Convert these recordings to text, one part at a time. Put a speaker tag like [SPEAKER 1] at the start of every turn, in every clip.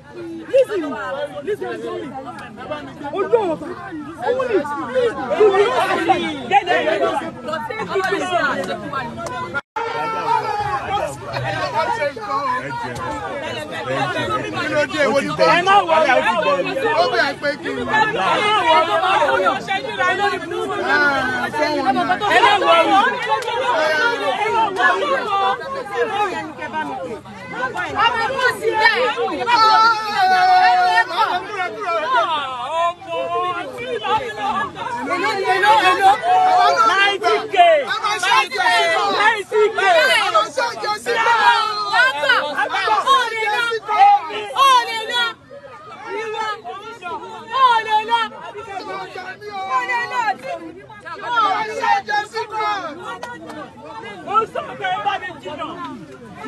[SPEAKER 1] Listen, listen, listen. Oh no, only please do not get there. Kí ló dé ìwọ ni bọ́ọ̀lù? Ẹ má wọ ọmọ mú sílẹ̀ ninety k ninety k ninety k ọ̀lẹ́lá ọ̀lẹ́lá ọ̀lẹ́lá.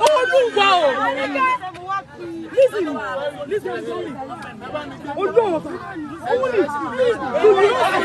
[SPEAKER 1] olúwa o listen listen sorry Oh no, ni please do you.